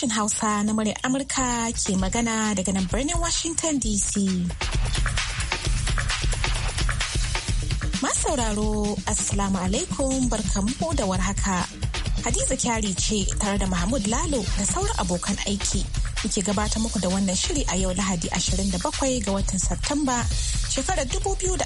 sashen Hausa na muryar Amurka ke magana daga nan birnin Washington DC. sauraro Assalamu alaikum barkamu da warhaka. Hadiza kyari ce tare da Mahmud Lalo da sauran abokan aiki. Muke gabata muku da wannan shiri a yau Lahadi 27 ga watan Satumba shekarar 2020.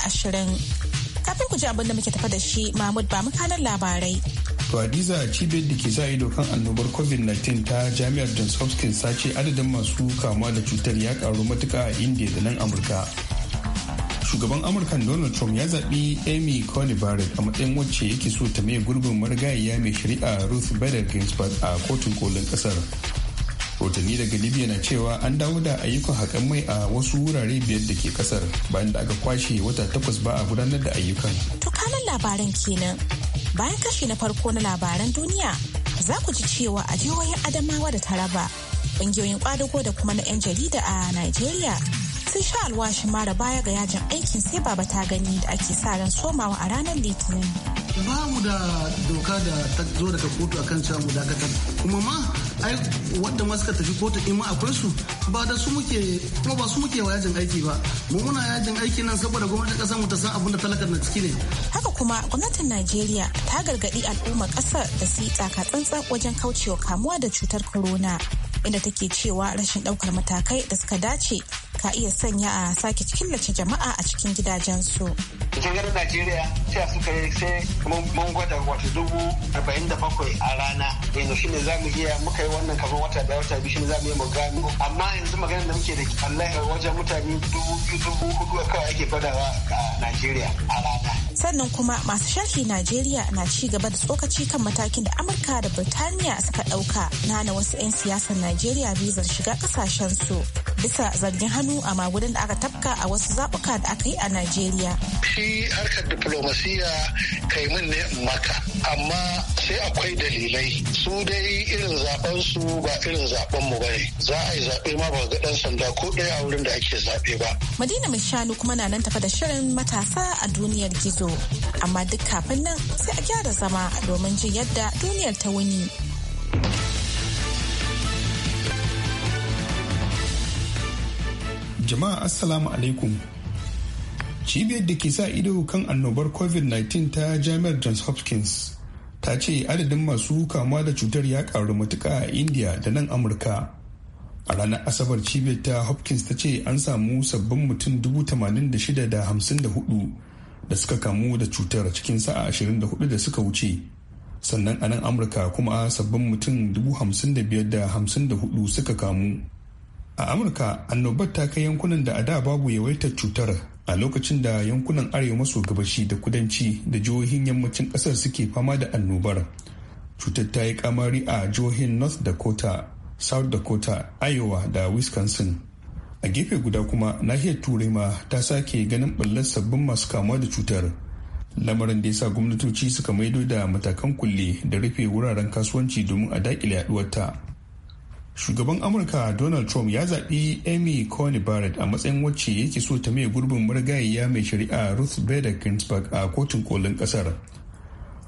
Kafin ku ji abin da muke tafa da shi Mahmud ba mu mukanan labarai. to hadiza cibiyar da ke sa ido kan annobar covid-19 ta jami'ar johns hopkins ta ce adadin masu kamuwa da cutar ya karu matuka a india da nan amurka shugaban amurka donald trump ya zaɓi amy coney barrett a matsayin wacce yake so ta mai gurbin marigayya mai shari'a ruth bader ginsburg a kotun kolin ƙasar. rotanni daga libya na cewa an dawo da ayyukan haƙan mai a wasu wurare biyar da ke ƙasar bayan da aka kwashe wata takwas ba a gudanar da ayyukan to kanan labaran kenan Bayan kashi na farko na labaran duniya, za ku ji cewa a jihohin Adamawa da Taraba, ƙungiyoyin ƙwadago da kuma na 'yan jarida a Najeriya sun sha alwashin mara baya ga yajin aikin sai baba ta gani da ake sa ran somawa a ranar Litinin. ba mu da doka da ta zo daga kotu akan cewa mu dakatar kuma ma ai wanda ma tafi kotu in ma akwai su ba da su muke kuma ba su muke wa yajin aiki ba mu muna yajin aiki nan saboda gwamnatin kasar mu ta san abin da talakar na ciki ne haka kuma gwamnatin Najeriya ta gargadi al'ummar kasar da su yi tsantsan wajen kaucewa kamuwa da cutar corona inda take cewa rashin daukar matakai da suka dace ka iya sanya a sake killace jama'a a cikin gidajensu. su ita najeriya sai suka yi sai mun gwada wata dubu arba'in da bakwai a rana yanzu shine za mu iya muka yi wannan kamar wata da wata biyu shine za mu iya mu gano amma yanzu magana da muke da ya wajen mutane dubu biyu dubu hudu kawai ake gwadawa a najeriya a rana sannan kuma masu shafi najeriya na ci gaba da tsokaci kan matakin da amurka da birtaniya suka ɗauka na na wasu 'yan siyasar najeriya bizar shiga kasashen su bisa zargin hannu a magudan da aka tafka a wasu zabuka da aka yi a najeriya shi shi harkar diplomasiya kai mun ne maka amma sai akwai dalilai su dai irin zaben su ba irin zaben mu bane za a yi zaɓe ma ba ga dan sanda ko ɗaya a wurin da ake zaɓe ba madina mai shanu kuma na nan tafa da shirin matasa a duniyar gizo amma duk kafin nan sai a gyara zama domin jin yadda duniyar ta wuni jama'a assalamu alaikum cibiyar da ke sa ido kan annobar covid-19 ta jami'ar johns hopkins ta ce adadin masu kamuwa da cutar ya karu matuka a india da nan amurka a ranar asabar cibiyar ta hopkins ta ce an samu sabbin mutum 86,054 da suka kamu da cutar cikin sa'a 24 da suka wuce sannan a nan amurka kuma sabbin mutum 55,054 suka kamu a amurka annobar ta kai yankunan da a da babu yawaitar cutar a lokacin da yankunan arewa maso gabashi da kudanci da jihohin yammacin kasar suke fama da annobar cutar ta yi kamari a jihohin north dakota south dakota iowa da wisconsin a gefe guda kuma nahiyar turai ma ta sake ganin ɓallar sabbin masu kamuwa da cutar lamarin da ya sa gwamnatoci suka maido da matakan kulle da rufe wuraren kasuwanci domin a daƙile yaduwarta shugaban amurka donald trump ya zaɓi amy coney barrett a matsayin wacce yake so ta mai gurbin marigayiya mai shari'a ruth bader ginsburg a kotun kolin ƙasar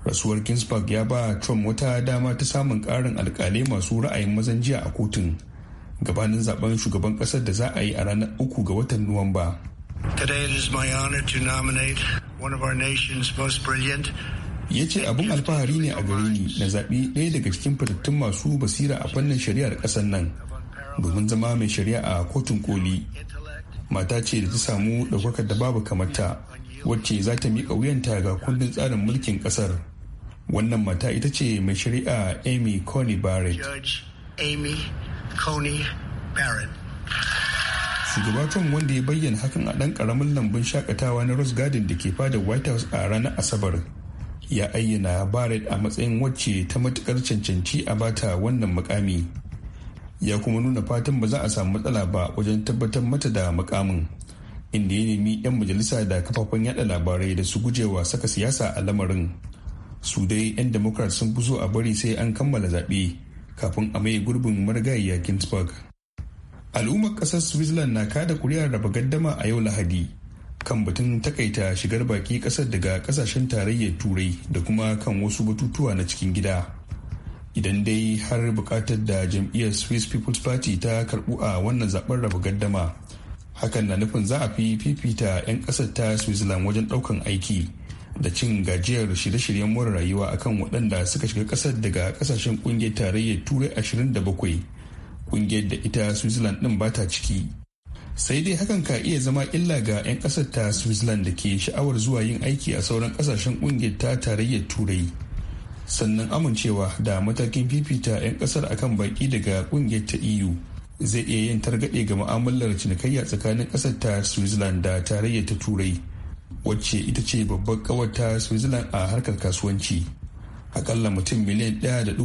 rasuwar ginsburg ya ba trump wata dama ta samun ƙarin alƙalai masu ra'ayin mazan jiya a kotun gabanin zaben shugaban ƙasar da za a yi a ranar uku ga watan nuwamba Today it is my honor to nominate one of our nation's most brilliant ya ce abin alfahari ne a gare ni na zaɓi ɗaya daga cikin fitattun masu basira a fannin shari'ar ƙasar nan domin zama mai shari'a a kotun koli mata ce da ta samu ɗaukakar da babu kamata wacce za ta miƙa wuyanta ga kundin tsarin mulkin ƙasar wannan mata ita ce mai shari'a amy coney barrett shugaba trump wanda ya bayyana hakan a ɗan ƙaramin lambun shakatawa na rose garden da ke fadar white house a ranar asabar ya ayyana barrett a matsayin wacce ta matukar cancanci a bata wannan mukami ya kuma nuna fatan ba za a samu matsala ba wajen tabbatar mata da mukamin inda ya nemi 'yan majalisa da kafafen yada labarai da su gujewa saka siyasa a lamarin su dai 'yan democrat sun fi so a bari sai an kammala zaɓe kafin a mai gurbin marigayiya ginsburg al'ummar ƙasar switzerland na kada kuri'ar raba gaddama a yau lahadi kan batun takaita shigar baki kasar daga kasashen tarayyar turai da kuma kan wasu batutuwa na cikin gida idan dai har bukatar da jam'iyyar swiss people's party ta karbu a wannan zaben raba gaddama hakan na nufin za a fi fifita 'yan kasar ta switzerland wajen daukan aiki da cin gajiyar shirye-shiryen more rayuwa akan waɗanda suka shiga ƙasar daga ƙasashen ƙungiyar tarayyar turai 27 ƙungiyar da ita switzerland ɗin bata ciki sai dai hakan ka iya zama illa ga 'yan kasar ta switzerland da ke sha'awar zuwa yin aiki a sauran kasashen ƙungiyar ta tarayyar turai sannan amincewa da matakin fifita 'yan ƙasar akan baki daga ƙungiyar ta eu zai iya yin targaɗe ga mu'amalar cinikayya tsakanin ƙasarta ta switzerland da tarayyar ta turai wacce ita ce babbar kawar ta switzerland a harkar kasuwanci akalla mutum miliyan 1.4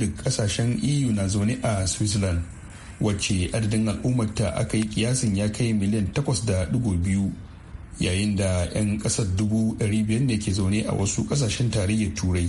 daga ƙasashen eu na zaune a switzerland wacce adadin al'ummarta aka yi kiyasin ya kai miliyan 8.2 yayin da 'yan kasar 500 ne ke zaune a wasu kasashen tarayyar turai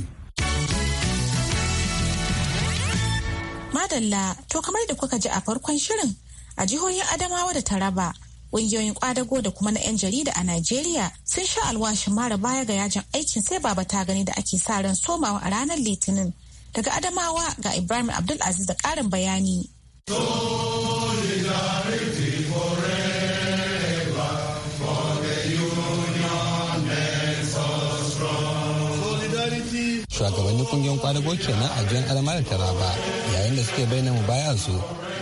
madalla to kamar da kuka ji a farkon shirin a jihohin adamawa da taraba Ƙungiyoyin kwadago da kuma na 'yan jarida a Najeriya sun sha alwashin mara baya ga yajin aikin sai baba ta gani da ake sa ran somawa a ranar Litinin. Daga Adamawa ga Ibrahim Abdulaziz da ƙarin bayani. shugabannin kungiyar kwadago kenan a jan alamar taraba yayin da suke bayyana mu baya su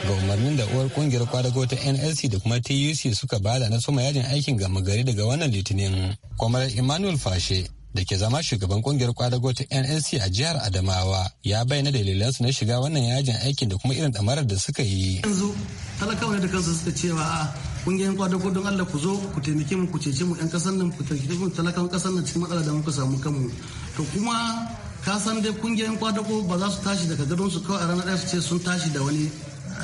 ga umarnin da uwar kungiyar kwadago ta nlc da kuma tuc suka bada na soma yajin aikin gama gari daga wannan litinin kwamar emmanuel fashe da ke zama shugaban kungiyar kwadago ta nnc a jihar adamawa ya bayyana su na shiga wannan yajin aikin da kuma irin damarar da suka yi yanzu talakawa da kansu suka cewa a kungiyar kwadago don allah ku zo ku taimake mu ku cece mu yan kasan nan ku taimake mu talakawan kasan nan cikin matsala da muka samu kanmu to kuma ka san dai kungiyar kwadago ba za su tashi daga gadon su kawai a ranar ɗaya su ce sun tashi da wani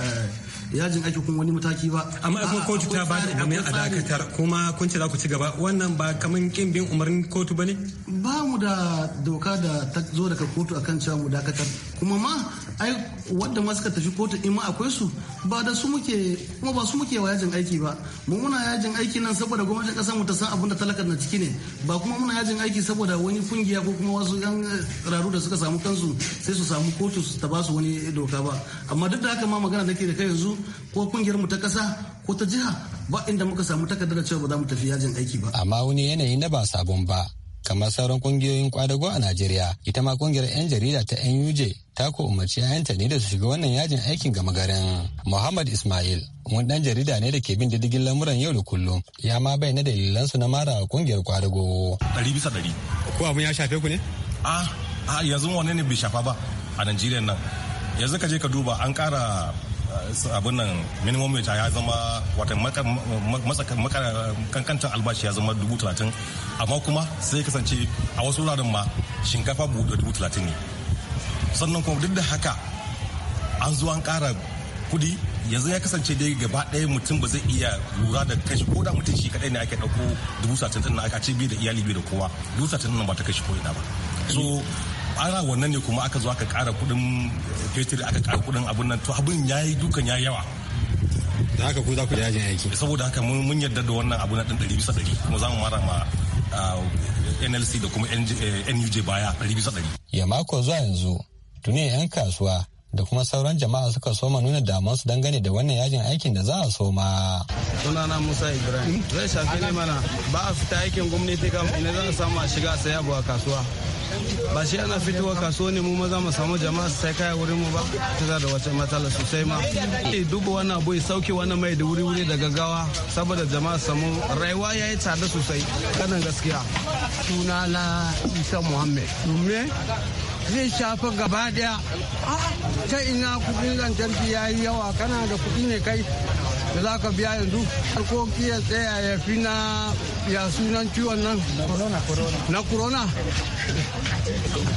eh, yajin aiki kun wani mataki ba amma kuma kotu ta ba da a dakatar kuma kun ce za ku ci gaba wannan ba kaman kin bin umarnin kotu bane ba mu da doka da ta zo daga kotu akan cewa mu dakatar kuma ma ai wanda ma suka tafi kotu in ma akwai su ba da su muke kuma ba su muke wa yajin aiki ba mu muna yajin aiki nan saboda gwamnatin kasar mu ta san abin da talakar na ciki ne ba kuma muna yajin aiki saboda wani kungiya ko kuma wasu yan raru da suka samu kansu sai su samu kotu ta ba su wani doka ba amma duk da haka ma magana nake da kai yanzu ko kungiyar mu ta kasa ko ta jiha ba inda muka samu takardar cewa ba za mu tafi yajin aiki ba amma wani yanayi na ba sabon ba kamar sauran kungiyoyin kwadago a Najeriya ita ma kungiyar 'yan jarida ta NUJ ta ko umarci 'ya'yanta ne da su shiga wannan yajin aikin gama garin Muhammad Ismail wani dan jarida ne da ke bin diddigin lamuran yau da kullum ya ma bayyana dalilansu na mara kungiyar kwadago. Ɗari bisa ɗari. Ko abin ya shafe ku ne? A yanzu wani ne bai shafa ba a Najeriya nan. Yanzu ka je ka duba an ƙara abin nan minimum wage ya zama wata kankantar albashi ya zama dubu talatin amma kuma sai kasance a wasu wuraren ma shinkafa dubu talatin ne sannan kuma duk da haka an zo an kara kudi yanzu ya kasance dai gaba ɗaya mutum ba zai iya lura da kashi ko da mutum shi kaɗai ne ake ɗauko dubu satin ɗin aka ce bai da iyali bi da kowa dubu satin ɗin ba ta kashi ko ina ba so ana wannan ne kuma aka zo aka kara kudin fetur aka kara kudin abun nan to abin yi dukan ya yawa da haka ko za ku yajin aiki saboda haka mun yarda da wannan abu na ɗan ɗari bisa ɗari kuma za mu mara ma ah, nlc da kuma nuj eh, baya ɗari bisa ɗari ya mako zuwa yanzu tuni yan kasuwa da kuma sauran jama'a suka soma nuna damansu dangane da wannan yajin aikin da za a soma. sunana musa ibrahim zai shafi ne mana ba a fita aikin gwamnati kam ne zan samu a shiga saya a kasuwa ba shi ana fitowa kasuwa ne mu maza mu samu jama'a su sai kaya wurin mu ba ta da wata matsala sosai ma duba wannan abu sauke wannan mai da wuri wuri da gawa saboda jama'a samu rayuwa ya yi tsada sosai kanan gaskiya suna na isa muhammed dume zai shafa gaba daya ta ina kudin lantarki ya yi yawa kana da kudi ne kai da za ka biya yanzu harkoki ya tsaya ya fi na ya sunan ciwon nan na corona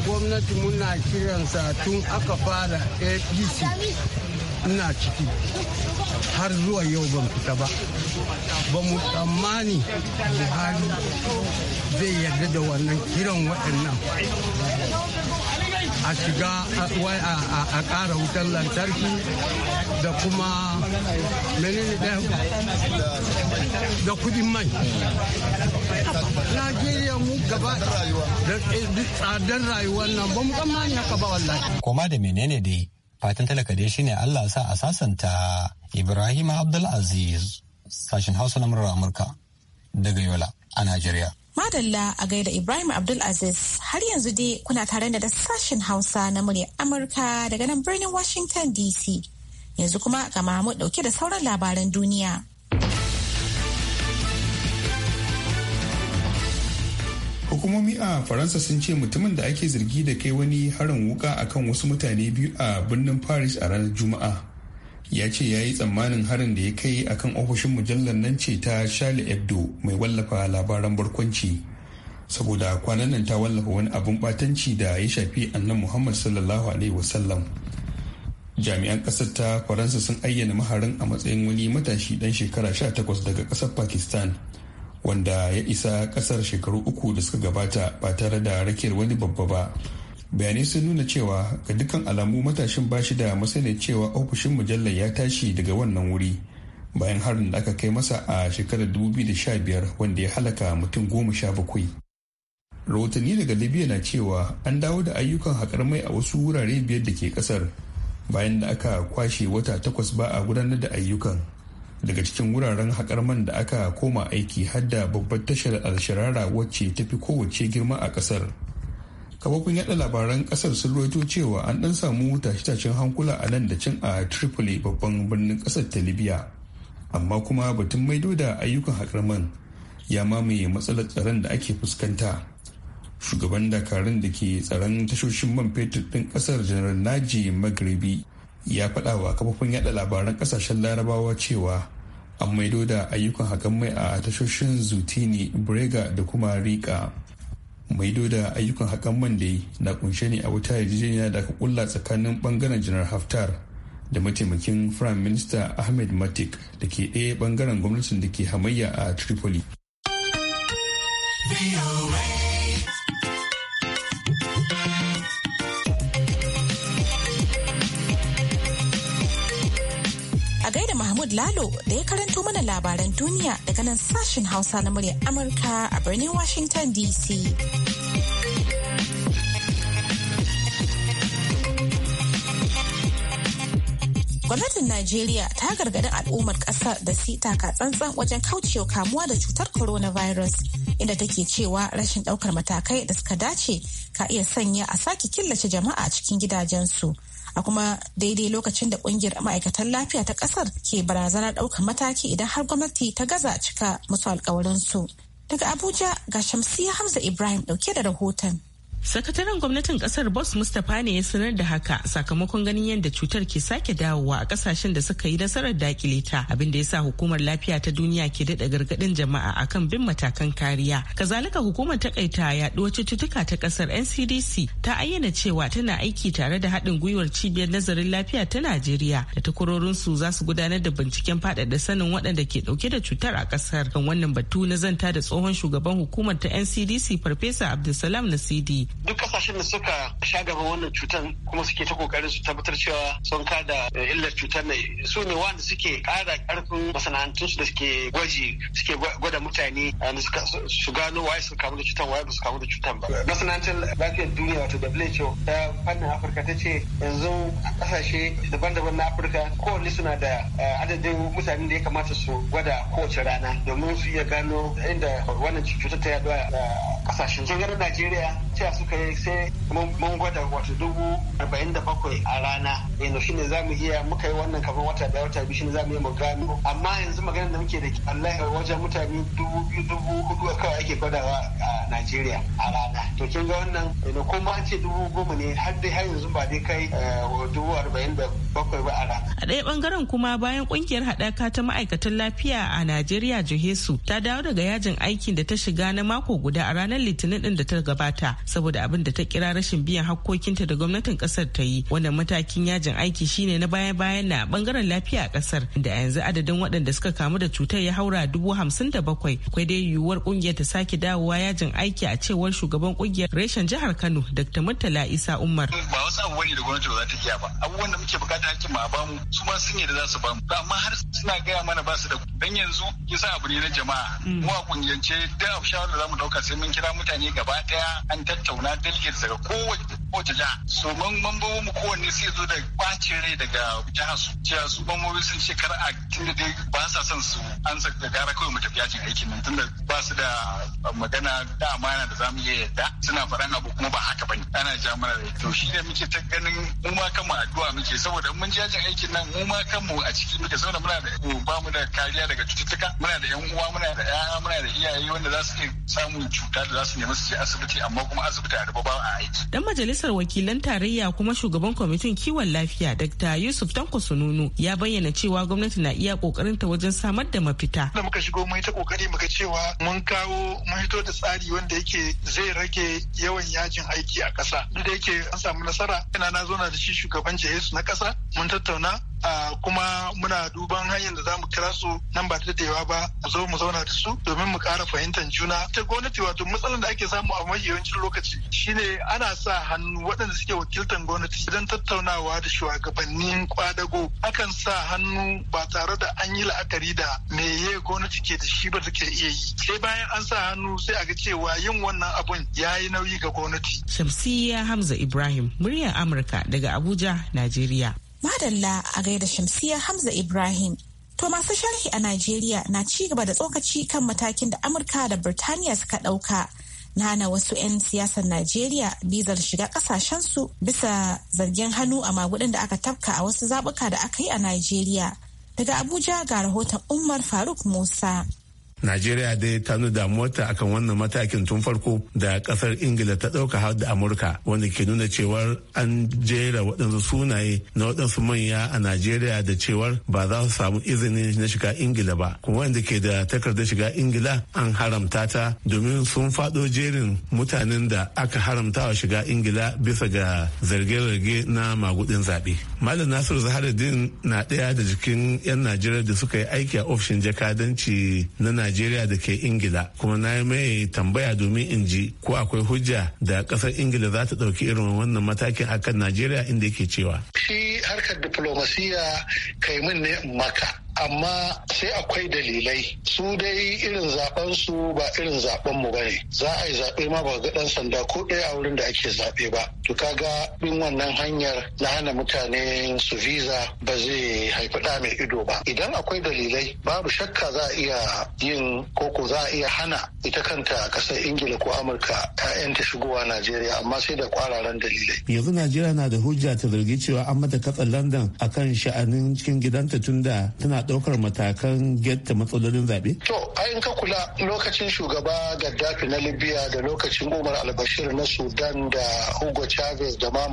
gwamnati muna kiransa tun aka fara apc ina ciki har zuwa yau ban fita ba ba mu tsammani buhari zai yarda da wannan kiran waɗannan a shiga a ƙara wutar lantarki da kuma da kudin mai najeriya mu gaba da eh, tsadar rayuwar nan ba mu tsammani haka ba wallahi koma da menene dai fatan talaka dai shine allah sa a sasanta ibrahim abdulaziz sashen hausa na murar amurka daga yola a najeriya Madalla a gaida Ibrahim Abdulaziz har yanzu dai kuna tare da sashen Hausa na muryar Amurka daga nan birnin Washington DC. Yanzu kuma ga Mahmud dauke da sauran labaran duniya. Hukumomi a Faransa sun ce mutumin da ake zargi da kai wani harin wuka akan wasu mutane biyu a birnin Paris a ranar Juma'a ya ce ya yi tsammanin harin da ya kai akan ofishin mujallar nan ce ta charlie hebdo mai wallafa labaran barkwanci saboda kwanan nan ta wallafa wani abin batanci da ya shafi annan muhammad sallallahu alaihi wasallam jami'an ƙasar ta faransa sun ayyana maharin a matsayin wani matashi dan shekara 18 daga ƙasar pakistan wanda ya isa ƙasar shekaru uku da suka gabata ba tare da rakiyar wani babba ba bayanai sun nuna cewa ga dukkan alamu matashin ba shi da masana cewa ofishin mujallar ya tashi daga wannan wuri bayan harin da aka kai masa a shekarar 2015 wanda ya halaka mutum goma sha bakwai rahotanni daga libya na cewa an dawo da ayyukan haƙar mai a wasu wurare biyar da ke ƙasar bayan da aka kwashe wata takwas ba a gudanar da ayyukan daga cikin wuraren haƙar man da aka koma aiki har da babbar tashar alsharara wacce ta fi kowace girma a ƙasar kafofin yada labaran kasar sun ruwaito cewa an dan samu tashe-tashen hankula a nan da cin a tripoli babban birnin kasar ta libya amma kuma batun maido da ayyukan hakarman ya mamaye matsalar tsaron da ake fuskanta shugaban dakarun da ke tsaron tashoshin man fetur din kasar janar naji magribi ya faɗa wa kafofin yada labaran kasashen larabawa cewa an maido da ayyukan hakan mai a tashoshin zutini brega da kuma rika mai doda ayyukan hakan man da yi na kunshe ne a wuta yarjejeniya da aka kulla tsakanin bangaren janar haftar da mataimakin prime minista ahmed matik da ke ɗaya bangaren gwamnatin da ke hamayya a tripoli. Lalo da ya karanto mana labaran duniya daga nan sashen Hausa na murya Amurka a birnin Washington DC. Gwamnatin Najeriya ta gargaɗi al'ummar ƙasar da su taka tsantsan wajen kaucewa kamuwa da cutar coronavirus inda take cewa rashin ɗaukar matakai da suka dace ka iya sanya a sake killace jama'a cikin gidajensu. a kuma daidai lokacin da kungiyar ma'aikatan lafiya ta kasar ke barazanar ɗaukar mataki idan har gwamnati ta gaza cika musu su, Daga Abuja ga Shamsiya Hamza Ibrahim ɗauke da rahoton. Sakataren gwamnatin kasar Bos Mustapha ne ya sanar da haka sakamakon ganin yadda cutar ke sake dawowa a kasashen da suka yi nasarar dakile ta abin da ya sa hukumar lafiya ta duniya ke daɗa gargaɗin jama'a akan bin matakan kariya. Kazalika hukumar takaita yaɗuwar cututtuka ta kasar NCDC ta ayyana cewa tana aiki tare da haɗin gwiwar cibiyar nazarin lafiya ta Najeriya da takwarorinsu za su gudanar da binciken faɗaɗa sanin waɗanda ke ɗauke da cutar a kasar. Kan wannan batu na zanta da tsohon shugaban hukumar ta NCDC Farfesa Abdulsalam Nasidi duk kasashen da suka sha gaban wannan cutar kuma suke ta kokarin su tabbatar cewa sun kada eh, illar cutar ne su ne wanda suke kara karfin masana'antun su da suke gwaji suke gwada mutane eh, su gano waye su kamu da cutar waye ba su kamu da cutar ba masana'antar lafiyar duniya wato WHO ta fannin Afirka ta ce yanzu kasashe daban-daban na Afirka kowanne suna da eh, adadin mutanen da ya kamata su gwada kowace rana domin su iya gano inda wannan cutar ta yaduwa a kasashen. Jigar Najeriya ta suka yi sai mun gwada wata dubu arba'in da bakwai a rana yanzu shine za mu iya muka yi wannan kamar wata daya wata biyu shine za mu yi mu gano amma yanzu magana da muke da Allah wajen mutane dubu biyu dubu hudu kawai ake gwadawa a Najeriya a rana. To kin ga wannan da kuma an ce dubu goma ne har dai har yanzu ba dai kai eh, dubu arba'in da bakwai ba a rana. A ɗaya ɓangaren kuma bayan ƙungiyar haɗaka ta ma'aikatan lafiya a Najeriya Johesu ta dawo daga yajin aikin da ta shiga na mako guda a ranar Litinin ɗin da ta gabata saboda abin da ta kira rashin biyan hakkokinta da gwamnatin ƙasar ta yi. Wannan matakin yajin aiki shine na baya-bayan na ɓangaren lafiya a ƙasar da a yanzu adadin waɗanda suka kamu da cutar ya haura dubu hamsin da bakwai. Akwai dai yiwuwar ƙungiyar ta sake dawowa yajin aiki a cewar shugaban kungiyar reshen jihar Kano Dr. Murtala Isa Umar. Ba wasu abu ne da gwamnati ba za ta iya ba. Abubuwan da muke bukata hakkin ma ba mu su ma sun da za su ba mu. Amma har suna gaya mana ba su da dan yanzu kisa abu ne na jama'a. Mm. Mu a kungiyance da shawarar da za mu dauka sai mun kira mutane gaba daya an tattauna dalilin daga kowace ko so mambobin mu kowanne sai zo da bacin rai daga jihar su cewa su mambobi sun ce kar a tunda dai ba sa son su an sa da gara kawai mu tafi yajin aikin nan tunda ba su da magana da amana da zamu iya yadda suna faɗan abu kuma ba haka bane ana ja mana rai to shi ne muke ta ganin mu ma mu addu'a muke saboda mun ji yajin aikin nan mu ma mu a ciki muke saboda muna da ba mu da kariya daga cututtuka muna da yan uwa muna da ƴaƴa muna da iyaye wanda za su iya samun cuta da za su nemi su je asibiti amma kuma asibiti a ba a aiki dan majalisa majalisar wakilan tarayya kuma shugaban kwamitin kiwon lafiya dr yusuf tanko sununu ya bayyana cewa gwamnati na iya kokarinta wajen samar da mafita da muka shigo mun ta kokari muka cewa mun kawo mun hito da tsari wanda yake zai rage yawan yajin aiki a ƙasa duk da yake an samu nasara yana na zo na da shi shugaban jihar na kasa mun tattauna Ah, kuma muna duban hanyar da za mu kira su nan ba ta daɗewa ba mu zo mu zauna da su domin mu kara fahimtar juna ta gwamnati wato matsalar da ake samu a mafi yawancin lokaci shine ana sa hannu waɗanda suke wakiltar gwamnati idan tattaunawa da shugabannin kwadago akan sa hannu ba tare da an yi la'akari da me ye gwamnati ke da shi ba take iya yi sai bayan an sa hannu sai a ga cewa yin wannan abun ya yi nauyi ga gwamnati. Shamsiyya Hamza Ibrahim, muryar Amurka daga Abuja, Najeriya. Madalla a gaida Shamsiya Hamza Ibrahim. To masu sharhi a Najeriya na ci gaba da tsokaci kan matakin da Amurka da Birtaniya suka ɗauka na hana wasu 'yan siyasar Najeriya bizar shiga ƙasashensu bisa zargin hannu a magudin da aka tafka a wasu zaɓuka da aka yi a Najeriya. Daga Abuja ga rahoton Umar Faruk Musa. najeriya dai ta nuna damuwarta akan wannan matakin tun farko da kasar ingila ta ɗauka har da amurka wanda ke nuna cewar an jera waɗansu sunaye na waɗansu manya a najeriya da cewar ba za su samu izini na shiga ingila ba kuma wanda ke da takardar shiga ingila an haramta ta domin sun faɗo jerin mutanen da aka haramta wa shiga ingila bisa ga zarge-zarge na magudin zaɓe. malam nasiru zaharuddin na ɗaya da jikin 'yan najeriya da suka yi aiki a ofishin jakadanci na najeriya da ke ingila kuma na yi mai tambaya domin in ji ko akwai hujja da ƙasar ingila za ta ɗauki irin wannan matakin akan najeriya inda yake cewa shi harkar diplomasiya kai min ne maka amma sai akwai dalilai su dai irin zaben su ba irin zaben mu bane za a yi zaɓe ma ba ga ɗan sanda ko ɗaya a wurin da ake zaɓe ba to kaga bin wannan hanyar na hana mutane su visa ba zai haifi ɗa mai ido ba idan akwai dalilai babu shakka za a iya yin koko za a iya hana ita kanta ƙasar ingila ko amurka ta 'ya'yanta shigowa najeriya amma sai da kwararan dalilai yanzu najeriya na da hujja ta zargi cewa an mata katsa london akan sha'anin cikin gidanta tunda tana ɗaukar matakan getta matsalolin zaɓe? To, in ka kula lokacin shugaba Gaddafi na Libya da lokacin Umar al na Sudan da Hugo Chavez da ma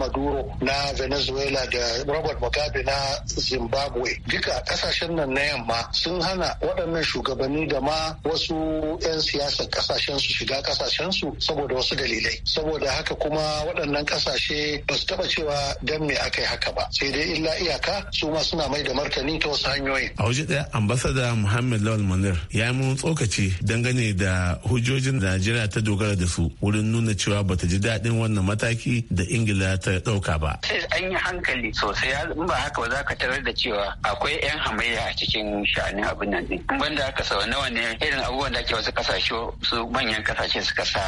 na Venezuela da Robert Mugabe na Zimbabwe. Duka ƙasashen nan na yamma sun hana waɗannan shugabanni da ma wasu 'yan siyasar ƙasashen su shiga ƙasashen su saboda wasu dalilai. Saboda haka kuma waɗannan ƙasashe ba su taɓa cewa dan me aka yi haka ba. Sai dai illa iyaka su ma suna mai da martani ta wasu hanyoyin. a waje daya ambasada muhammad lawal manir ya yi mun tsokaci dangane da hujjojin da najeriya ta dogara da su wurin nuna cewa ba ta ji daɗin wannan mataki da ingila ta ɗauka ba an yi hankali sosai in ba haka ba za ka tarar da cewa akwai 'yan hamayya a cikin sha'anin abin nan din da haka sau nawa ne irin abubuwan da ake wasu kasashe su manyan kasashe suka sa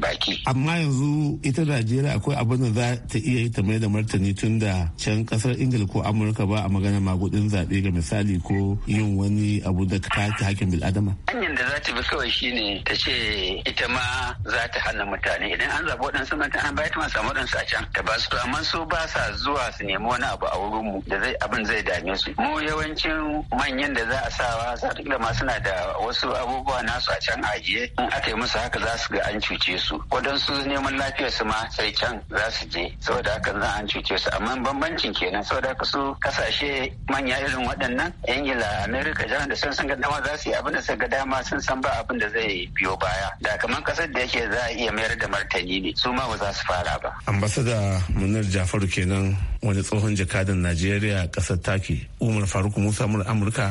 baki amma yanzu ita najeriya akwai abin da za ta iya yi ta mai da martani tun da can kasar ingila ko amurka ba a magana magudin zaɓe ga misali ko ko yin wani abu da ta hakkin bil'adama? Hanyar da za ta bi kawai shi ne ta ce ita ma za ta hana mutane idan an zaɓi waɗansu mata an bayar ta samu waɗansu a can ta ba su amma su ba sa zuwa su nemi wani abu a wurin mu da zai abin zai dame su. Mu yawancin manyan da za a sawa za ta ma suna da wasu abubuwa nasu a can ajiye in aka yi musu haka za su ga an cuce su. Waɗansu neman lafiyar su ma sai can za su je saboda haka za an cuce su amma bambancin kenan saboda haka su kasashe manya irin waɗannan 'yan ingila amerika jihar da sun san ga dama za su yi abin da suka ga dama sun san ba abin da zai biyo baya da kamar kasar da yake za a iya mayar da martani ne su ma ba za su fara ba ambasada munir jafaru kenan wani tsohon jakadan najeriya kasar taki umar faruk musa mur amurka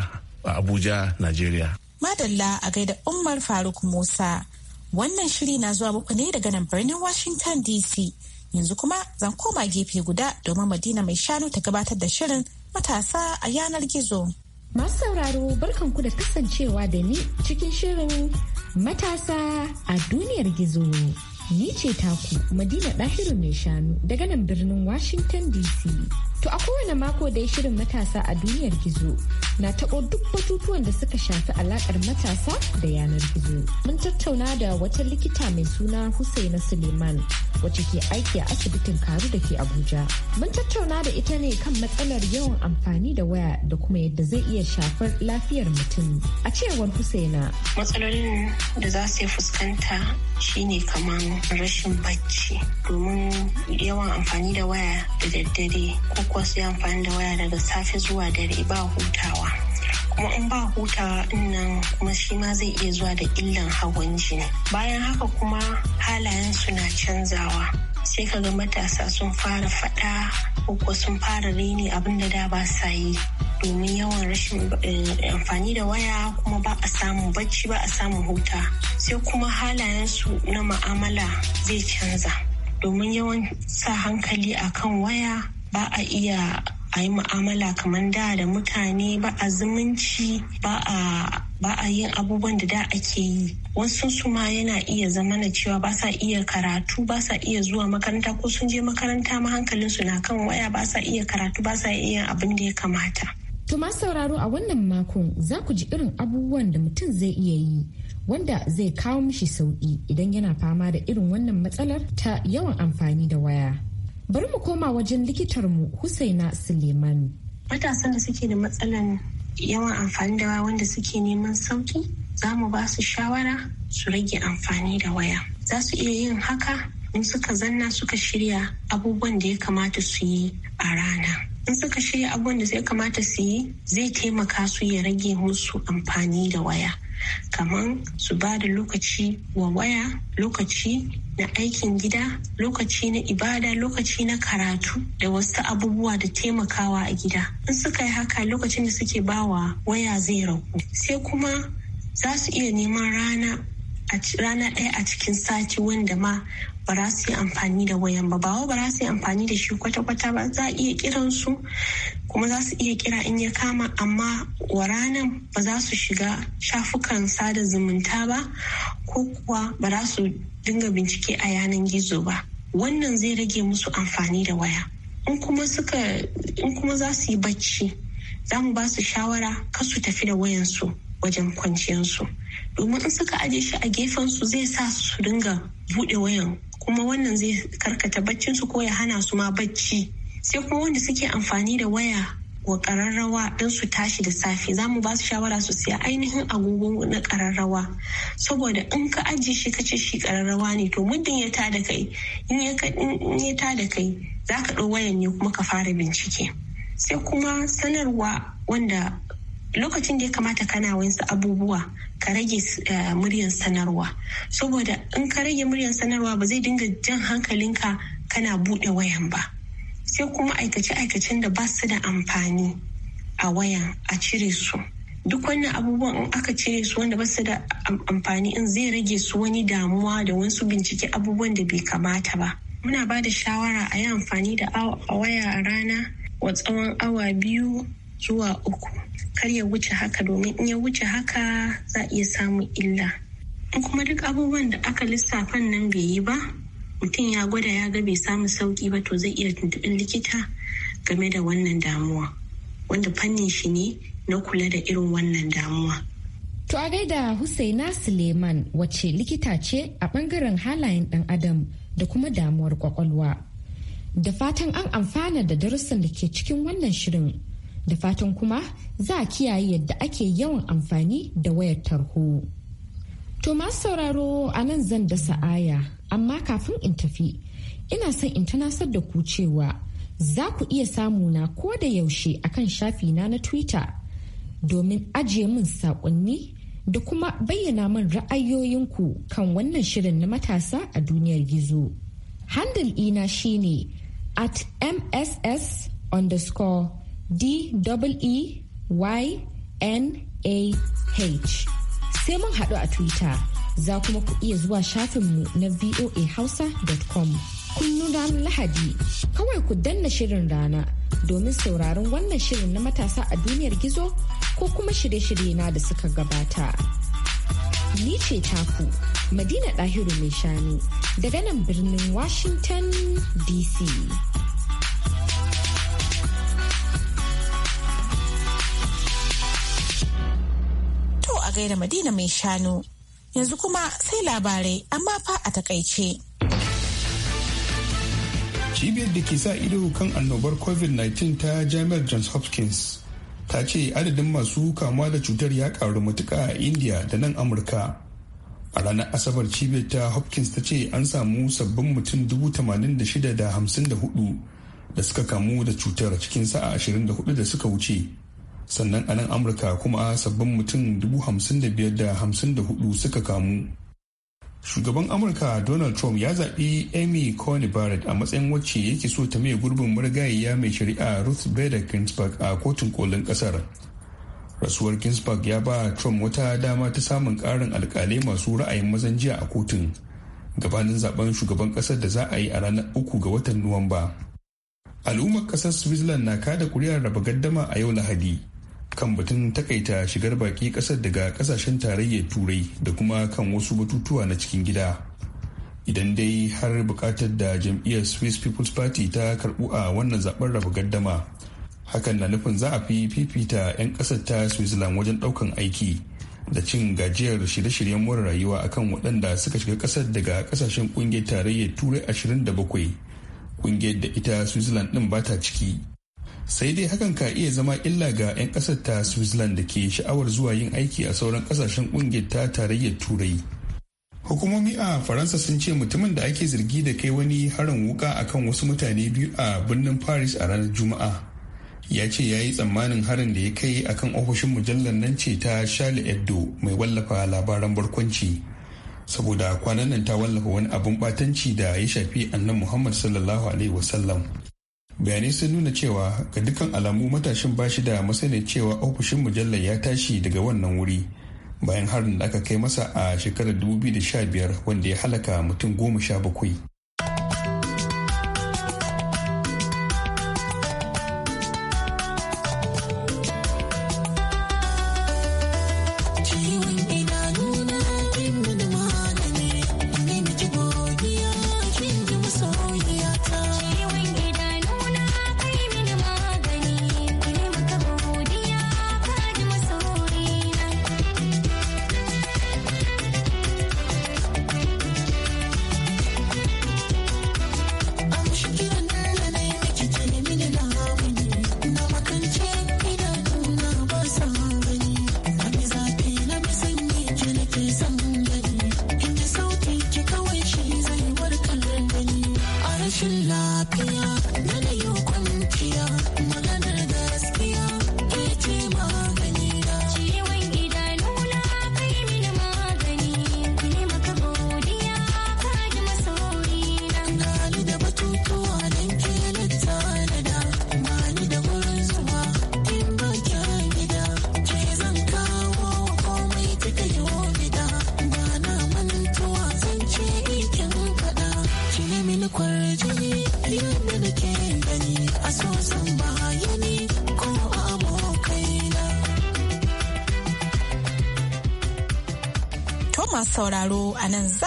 a abuja najeriya madalla a gaida umar faruk musa wannan shiri na zuwa muku ne daga nan birnin washington dc yanzu kuma zan koma gefe guda domin madina mai shanu ta gabatar da shirin matasa a yanar gizo. Masu sauraro barkan ku da kasancewa da ni cikin shirin matasa a duniyar gizo. Ni ce taku Madina Dahiru mai shanu daga nan birnin Washington DC. To a kowane mako da ya shirin matasa a duniyar gizo na taɓo duk batutuwan da suka shafi alaƙar matasa da yanar gizo. Mun tattauna da wata likita mai suna Husaina Suleiman wacce ke aiki a asibitin karu da ke Abuja. Mun tattauna da ita ne kan matsalar yawan amfani da waya da kuma yadda zai iya shafar lafiyar mutum. A cewar Husaina. Matsalolin da za su fuskanta shine kamar rashin bacci domin yawan amfani da waya da daddare ko sai amfani da waya daga safe zuwa dare ba hutawa kuma in ba hutawa nan kuma shi ma zai iya zuwa da illan hawan jini bayan haka kuma halayen su na canzawa sai kaga matasa sun fara fada ko sun fara reni abinda da ba sa yi domin yawan rashin eh, amfani da waya kuma ba a samun bacci ba a samun huta sai kuma halayensu na ma'amala zai canza domin yawan sa hankali akan waya ba a iya a yi mu'amala kamar da da mutane ba a zumunci ba a yin abubuwan da da ake yi wasu su ma yana iya zama na cewa ba sa iya karatu ba sa iya zuwa makaranta ko sun je makaranta ma su na kan waya ba sa iya karatu ba sa iya abin da ya kamata To ma sauraro a wannan makon za ku ji irin abubuwan da mutum zai iya yi wanda zai kawo mishi sauƙi idan yana fama da irin wannan matsalar ta yawan amfani da waya. Bari mu koma wajen likitarmu Husaina Suleiman. Matasan da suke da matsalan yawan amfani da waya wanda suke neman sauki za mu ba su shawara su rage amfani da waya. Za su iya yin haka in suka zanna suka shirya abubuwan da ya kamata su yi a rana. in suka shirya abubuwan da ya kamata su yi zai taimaka su ya rage musu amfani da waya kamar su ba da lokaci wa waya lokaci na aikin gida lokaci na ibada lokaci na karatu da wasu abubuwa da taimakawa a gida in suka yi haka lokacin da suke bawa waya zai ragu sai kuma za su iya neman rana ɗaya a cikin sati wanda ma ba su yi amfani da wayan ba ba ba za su yi amfani da shi kwata-kwata ba za a iya kiran su kuma za su iya kira in ya kama amma wa ranan ba za su shiga shafukan sada zumunta ba ko kuwa ba za su dinga bincike a yanan gizo ba wannan zai rage musu amfani da waya in kuma za su yi bacci za mu ba su shawara kar su tafi da wayansu wajen kwanciyarsu. domin in suka aje shi a gefen su zai sa su dinga buɗe wayan kuma wannan zai karkata baccin su ko ya hana su ma bacci sai kuma wanda suke amfani da waya wa ƙararrawa don su tashi da safe za mu ba su shawara su siya ainihin agogo na kararrawa. saboda in ka aje shi ka ce shi ƙararrawa ne to muddin ya ta da kai in ya ta da kai za ka ɗau wayan ne kuma ka fara bincike sai kuma sanarwa wanda lokacin da ya kamata kana wasu abubuwa ka rage eh, muryan sanarwa saboda in ka rage muryan sanarwa ba zai dinga jan hankalinka kana buɗe wayan ba sai kuma aikace-aikacen da ba su da amfani a wayan a cire su duk wannan abubuwan in aka cire su wanda ba su da amfani in zai rage su wani damuwa da wasu bincike abubuwan da bai kamata ba muna ba da shawara a yi amfani da a waya a rana wa tsawon awa biyu zuwa uku kar ya wuce haka domin in ya wuce haka za a iya samun illa in kuma duk abubuwan da aka lissafan nan bai yi ba mutum ya gwada ya ga bai samu sauki ba to zai iya tuntuɓin likita game da wannan damuwa wanda fannin shi ne na kula da irin wannan damuwa To a gaida Husaina Suleiman wacce likita ce a bangaren halayen dan adam da kuma damuwar kwakwalwa. Da fatan an amfana da darussan da ke cikin wannan shirin da fatan kuma za a kiyaye yadda ake yawan amfani da wayar tarho. To masu sauraro a nan zan dasa aya, amma kafin in tafi, ina son in tunasar da ku cewa za ku iya na ko da yaushe akan shafi na na Twitter domin ajiye min saƙonni da kuma bayyana min ra'ayoyinku kan wannan shirin na matasa a duniyar gizo. Handle ina shine at mss d e y n a h sai mun haɗu a twitter za kuma ku iya zuwa shafinmu na voahausa.com ranar lahadi kawai ku danna shirin rana domin sauraron wannan shirin na matasa a duniyar gizo ko kuma shirye-shirye na da suka gabata ni ce taku madina ɗahiru mai shanu daga nan birnin washington dc da Madina mai shanu. Yanzu kuma sai labarai amma fa a takaice. Cibiyar da ke sa ido kan annobar COVID-19 ta Jami'ar Johns Hopkins ta ce adadin masu kamuwa da cutar ya karu matuka a India da nan Amurka. A ranar Asabar cibiyar ta Hopkins ta ce an samu sabbin mutum hudu da suka kamu da cutar cikin sa'a 24 da suka wuce. sannan a nan amurka kuma sabbin mutum dubu da biyar hudu suka kamu shugaban amurka donald trump ya zaɓi amy coney barrett a matsayin wacce yake so ta mai gurbin marigayiya mai shari'a ruth bader ginsburg a kotun kolin ƙasar rasuwar ginsburg ya ba trump wata dama ta samun ƙarin alƙalai masu ra'ayin mazan jiya a kotun gabanin zaben shugaban ƙasar da za a yi a ranar uku ga watan nuwamba al'ummar ƙasar switzerland na kada kuri'ar raba gaddama a yau lahadi kan batun takaita shigar baki kasar daga kasashen tarayyar turai da kuma kan wasu batutuwa na cikin gida idan dai har bukatar da jam'iyyar swiss people's party ta karbu a wannan zaben raba gaddama hakan na nufin za a fi fifita 'yan kasar ta switzerland wajen daukan aiki da cin gajiyar shirye-shiryen more rayuwa akan waɗanda suka shiga kasar daga kasashen kungiyar tarayyar turai 27 kungiyar da ita switzerland din ba ta ciki sai dai hakan ka iya zama illa ga 'yan kasar ta switzerland da ke sha'awar zuwa yin aiki a sauran kasashen kungiyar ta tarayyar turai hukumomi a faransa sun ce mutumin da ake zargi da kai wani harin wuka akan wasu mutane biyu a birnin paris a ranar juma'a ya ce ya yi tsammanin harin da ya kai akan ofishin mujallar nan ce ta charlie hebdo mai wallafa labaran barkwanci saboda kwanan nan ta wallafa wani abun batanci da ya shafi annan muhammad sallallahu alaihi wasallam bayanai sun nuna cewa ga dukkan alamu matashin ba shi da masanin cewa ofishin mujallar ya tashi daga wannan wuri bayan harin da aka kai masa a shekarar 2015 wanda ya halaka mutum goma sha bakwai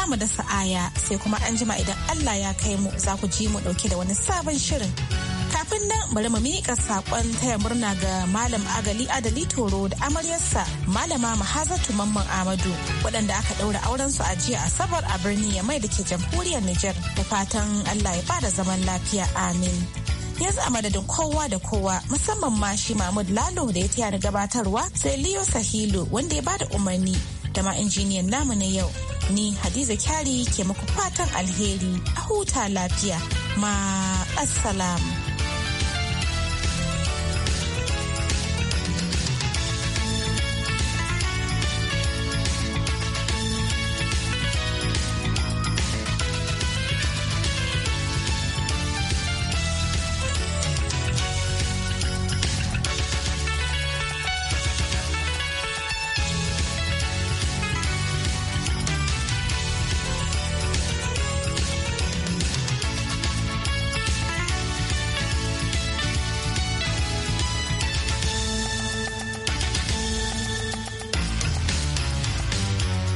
ba mu da sa'aya sai kuma an jima idan Allah ya kai mu za ku ji mu dauke da wani sabon shirin. Kafin nan bari mu miƙa saƙon taya murna ga Malam Agali Adali Toro da amaryarsa Malama Mahazatu Mamman Amadu waɗanda aka ɗaura auren su a jiya Asabar a birni Yamai da ke jamhuriyar Nijar da fatan Allah ya bada zaman lafiya amin. yanzu a madadin kowa da kowa musamman ma shi Mahmud Lalo da ya taya gabatarwa sai Leo Sahilo wanda ya bada umarni da ma injiniyan namu na yau ni hadiza kyari ke muku fatan alheri a huta lafiya ma assalamu